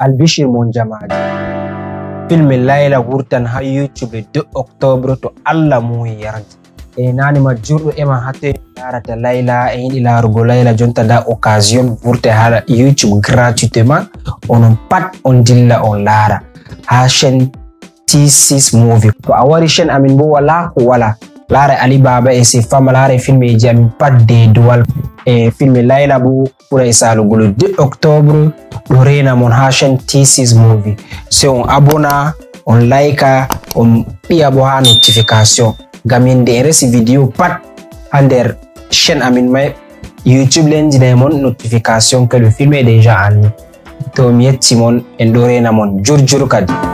albishir mon jamaji filme layla wurtan ha youtube de octobre to allah muyi yardi e nanima jurɗo ema hatoy larata layla e yiɗi larugo layla jonta nda occasion wurta ha youtube gratuitement onon pat on dilla on laara ha chaine t6 movie to a wari chaine amin bo wala ko wala laare alibaba e sefama laare filme ji ami pat de duwal e filme layla bo ɓuray e salugolo 2 octobre ɗo rena mon ha chaine tcs movie se on abona on layka on ɓiya bo ha notification ngam yinde en resi vidéo pat ha nder chaine amin may youtube lenjinay mon notification kelo filme déjà anni to mi yettimon en ɗo rena mon jurjur kadi